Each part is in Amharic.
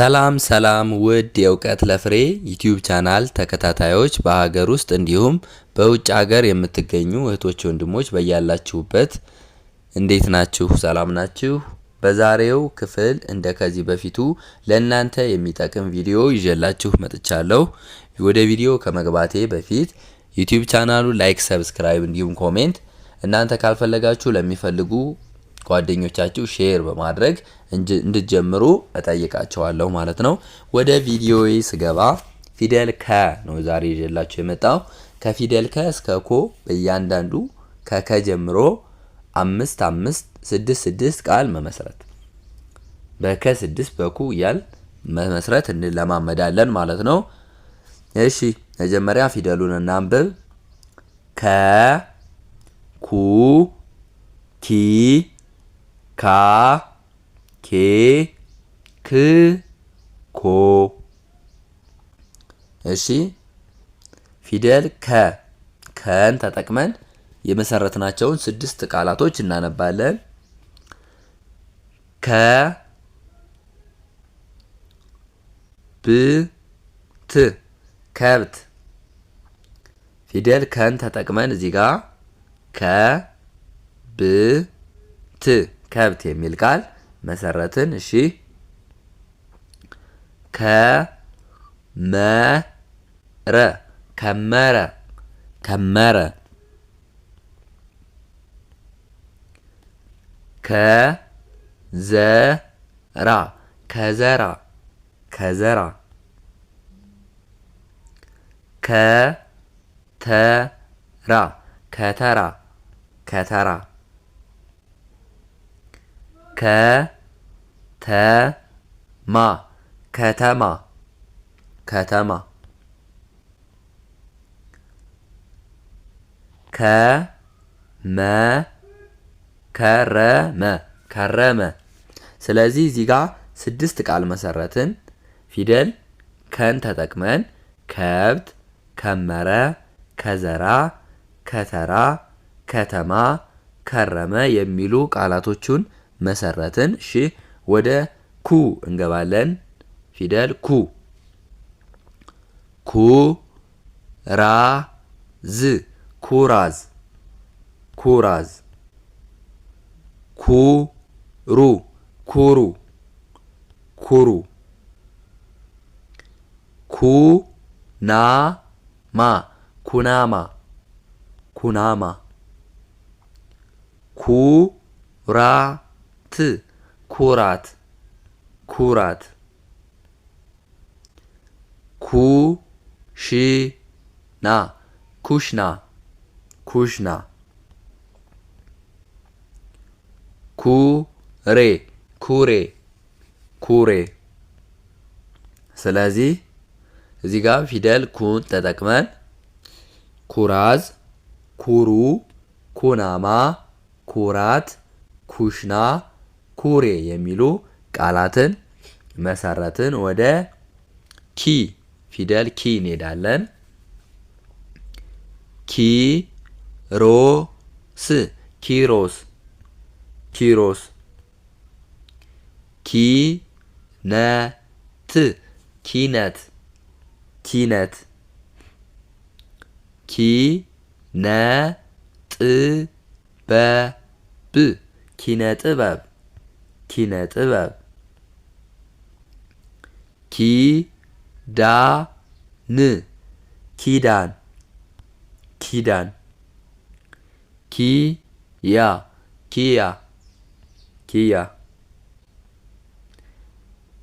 ሰላም ሰላም ውድ የእውቀት ለፍሬ ዩቲዩብ ቻናል ተከታታዮች በሀገር ውስጥ እንዲሁም በውጭ ሀገር የምትገኙ እህቶች ወንድሞች በያላችሁበት እንዴት ናችሁ? ሰላም ናችሁ? በዛሬው ክፍል እንደ ከዚህ በፊቱ ለእናንተ የሚጠቅም ቪዲዮ ይዤላችሁ መጥቻለሁ። ወደ ቪዲዮ ከመግባቴ በፊት ዩቲዩብ ቻናሉ ላይክ፣ ሰብስክራይብ እንዲሁም ኮሜንት እናንተ ካልፈለጋችሁ ለሚፈልጉ ጓደኞቻችሁ ሼር በማድረግ እንድትጀምሩ እጠይቃቸዋለሁ ማለት ነው። ወደ ቪዲዮ ስገባ ፊደል ከ ነው ዛሬ ይዤላችሁ የመጣው። ከፊደል ከ እስከ ኮ በእያንዳንዱ ከከ ጀምሮ አምስት አምስት ስድስት ስድስት ቃል መመስረት በከ ስድስት በኩ እያል መመስረት እንለማመዳለን ማለት ነው። እሺ መጀመሪያ ፊደሉን እናንብብ። ከ ኩ ኪ ካ ኬ ክ ኮ እሺ ፊደል ከ ከን ተጠቅመን የመሰረትናቸውን ስድስት ቃላቶች እናነባለን። ከ ብ ት ከብት ፊደል ከን ተጠቅመን እዚህ ጋር ከ ብ ት كبت يميل قال مسرتن شي ك م ر كمرة كمرة كا ز را كزرا كزرا ك ت را كترا كترا ከተማ ከተማ ከተማ ከመከረመ ከረመ። ስለዚህ እዚህ ጋር ስድስት ቃል መሰረትን። ፊደል ከን ተጠቅመን ከብት፣ ከመረ፣ ከዘራ፣ ከተራ፣ ከተማ፣ ከረመ የሚሉ ቃላቶቹን መሰረትን። እሺ ወደ ኩ እንገባለን። ፊደል ኩ ኩ ራ ዝ ኩራዝ ኩራዝ ኩ ሩ ኩሩ ኩሩ ኩ ና ማ ኩናማ ኩናማ ራ ት ኩራት ኩራት ኩሽና ኩሽና ኩሽና ኩሬ ኩሬ ኩሬ ስለዚህ እዚህ ጋር ፊደል ኩን ተጠቅመን ኩራዝ ኩሩ ኩናማ ኩራት ኩሽና ኩሬ የሚሉ ቃላትን መሰረትን። ወደ ኪ ፊደል ኪ እንሄዳለን። ኪ ሮ ስ ኪሮስ ኪሮስ ኪ ነ ት ኪነት ኪነት ኪ ነ ጥ በ ብ ኪነ ጥበብ ኪነ ጥበብ ኪዳን ኪዳን ኪዳን ኪያ ኪያ ኪያ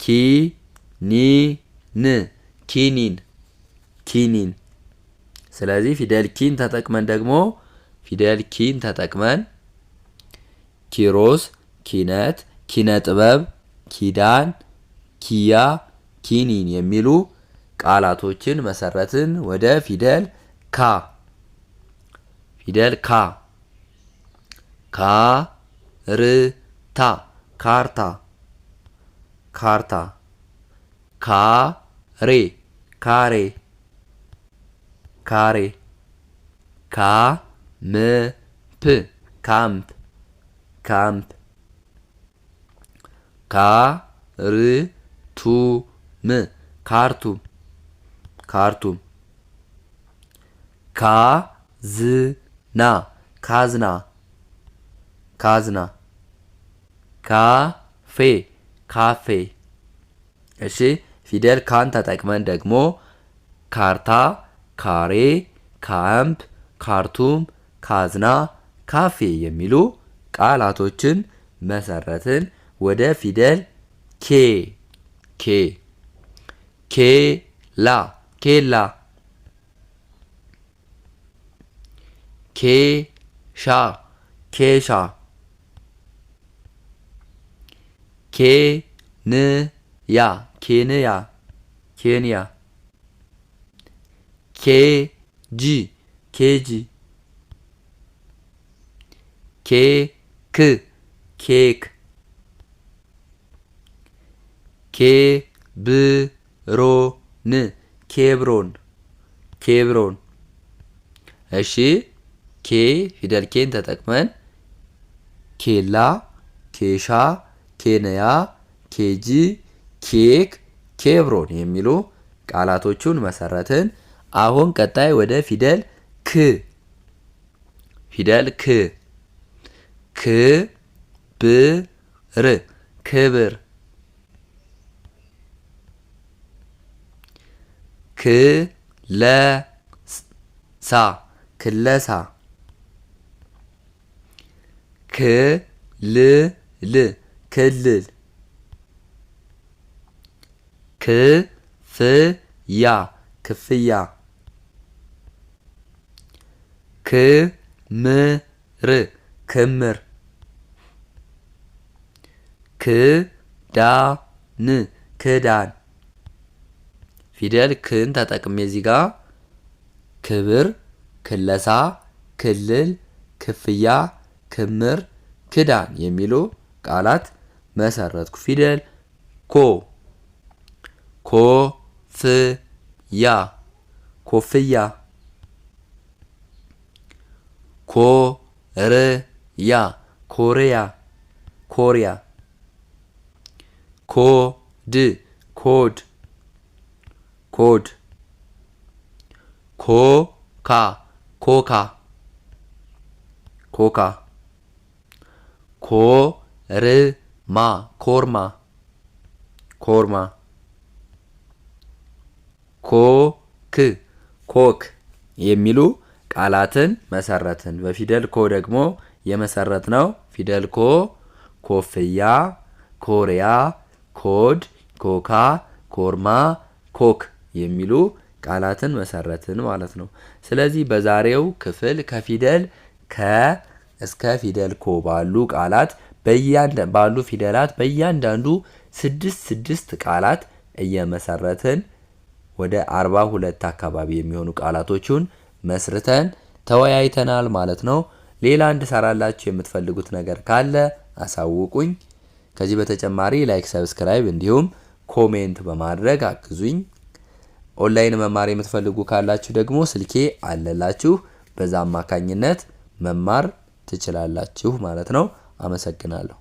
ኪኒን ኪኒን ኪኒን ስለዚህ ፊደል ኪን ተጠቅመን ደግሞ ፊደል ኪን ተጠቅመን ኪሮስ ኪነት ኪነ ጥበብ፣ ኪዳን፣ ኪያ፣ ኪኒን የሚሉ ቃላቶችን መሰረትን ወደ ፊደል ካ ፊደል ካ ካርታ ካርታ ሬ ካሬ ካሬ ካሬ ካምፕ ካምፕ ካምፕ ካርቱም ካርቱም ካርቱም ካዝና ካዝና ካዝና ካፌ ካፌ እሺ ፊደል ካን ተጠቅመን ደግሞ ካርታ ካሬ ካምፕ ካርቱም ካዝና ካፌ የሚሉ ቃላቶችን መሰረትን ወደ ፊደል ኬ ኬ ኬላ ኬላ ኬሻ ኬሻ ኬንያ ኬንያ ኬንያ ኬጂ ኬጂ ኬክ ኬክ ኬብሮን ኬብሮን ኬብሮን። እሺ ኬ ፊደል ኬን ተጠቅመን ኬላ፣ ኬሻ፣ ኬንያ፣ ኬጂ፣ ኬክ፣ ኬብሮን የሚሉ ቃላቶቹን መሰረትን። አሁን ቀጣይ ወደ ፊደል ክ ፊደል ክ ክ ብር ክብር ክለሳ ክለሳ ክልል ክልል ክፍያ ክፍያ ክምር ክምር ክዳን ክዳን ፊደል ክን ተጠቅሜ እዚህ ጋ ክብር፣ ክለሳ፣ ክልል፣ ክፍያ፣ ክምር፣ ክዳን የሚሉ ቃላት መሰረትኩ። ፊደል ኮ ኮ ፍ ያ ኮፍያ ኮርያ ኮሪያ ኮሪያ ኮድ ኮድ ኮድ ኮካ ኮካ ኮካ ኮርማ ኮርማ ኮርማ ኮክ ኮክ የሚሉ ቃላትን መሰረትን። በፊደል ኮ ደግሞ የመሰረት ነው። ፊደል ኮ ኮፍያ፣ ኮሪያ፣ ኮድ፣ ኮካ፣ ኮርማ፣ ኮክ የሚሉ ቃላትን መሰረትን ማለት ነው። ስለዚህ በዛሬው ክፍል ከፊደል ከ እስከ ፊደል ኮ ባሉ ቃላት ባሉ ፊደላት በእያንዳንዱ ስድስት ስድስት ቃላት እየመሰረትን ወደ አርባ ሁለት አካባቢ የሚሆኑ ቃላቶቹን መስርተን ተወያይተናል ማለት ነው። ሌላ እንድሰራላችሁ የምትፈልጉት ነገር ካለ አሳውቁኝ። ከዚህ በተጨማሪ ላይክ፣ ሰብስክራይብ እንዲሁም ኮሜንት በማድረግ አግዙኝ። ኦንላይን መማር የምትፈልጉ ካላችሁ ደግሞ ስልኬ አለላችሁ። በዛ አማካኝነት መማር ትችላላችሁ ማለት ነው። አመሰግናለሁ።